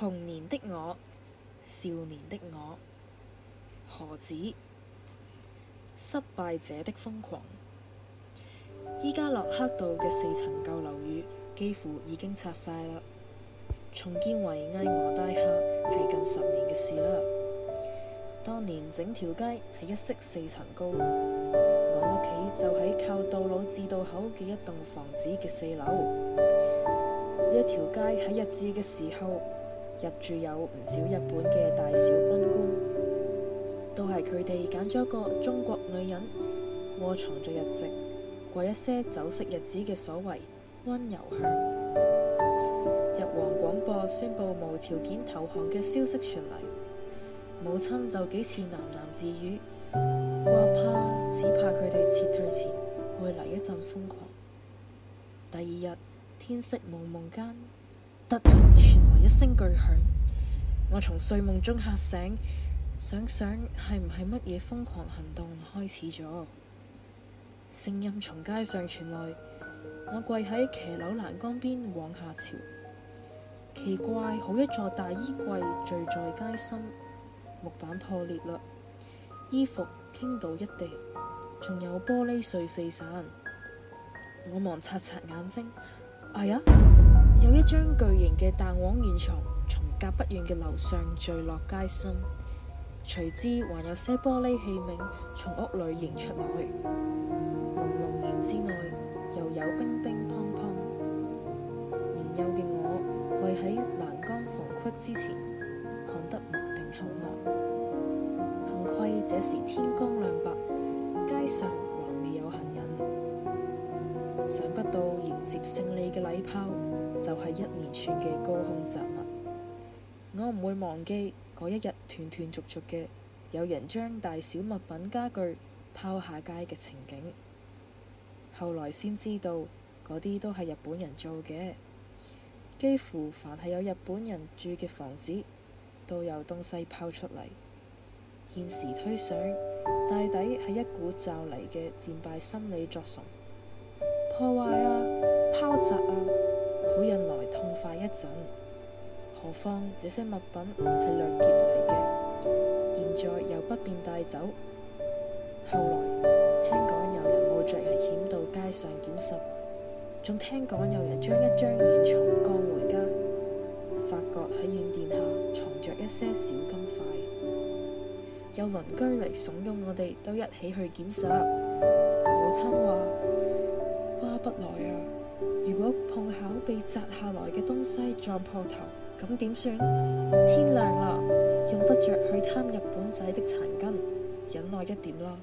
童年的我，少年的我，何止失敗者的瘋狂？依家洛克道嘅四層舊樓宇幾乎已經拆晒啦，重建為埃俄大廈係近十年嘅事啦。當年整條街係一式四層高，我屋企就喺靠道路至道口嘅一棟房子嘅四樓。呢一條街喺日治嘅時候，入住有唔少日本嘅大小軍官，都係佢哋揀咗一個中國女人臥藏度日，過一些酒色日子嘅所謂溫柔鄉。日皇廣播宣布無條件投降嘅消息傳嚟，母親就幾次喃喃自語，話怕只怕佢哋撤退前會嚟一陣瘋狂。第二日天色蒙蒙間。突然傳來一聲巨響，我從睡夢中嚇醒，想想係唔係乜嘢瘋狂行動開始咗？聲音從街上傳來，我跪喺騎樓欄杆邊往下瞧。奇怪，好一座大衣櫃聚在街心，木板破裂啦，衣服傾倒一地，仲有玻璃碎四散。我忙擦擦眼睛，哎呀！有一張巨型嘅彈簧軟床從隔不遠嘅樓上墜落街心，隨之還有些玻璃器皿從屋裏迎出來。朦朧然之外，又有乒乒乓乓。年幼嘅我跪喺欄杆縫隙之前，看得目定口呆。幸虧這時天光亮白，街上。想不到迎接勝利嘅禮炮就係、是，一連串嘅高空雜物。我唔會忘記嗰一日斷斷續續嘅有人將大小物品家具拋下街嘅情景。後來先知道嗰啲都係日本人做嘅，幾乎凡係有日本人住嘅房子，都有東西拋出嚟。現時推想，大抵係一股驟嚟嘅戰敗心理作祟。破壞啊，拋擲啊，好引來痛快一陣。何況這些物品係掠劫嚟嘅，現在又不便帶走。後來聽講有人冒着危險到街上撿拾，仲聽講有一張一張人將一張軟床放回家，發覺喺軟墊下藏着一些小金塊。有鄰居嚟慫恿我哋都一起去撿拾，母親話。划不來啊！如果碰巧被摘下來嘅東西撞破頭，咁點算？天亮啦，用不着去貪日本仔的殘羹，忍耐一點啦。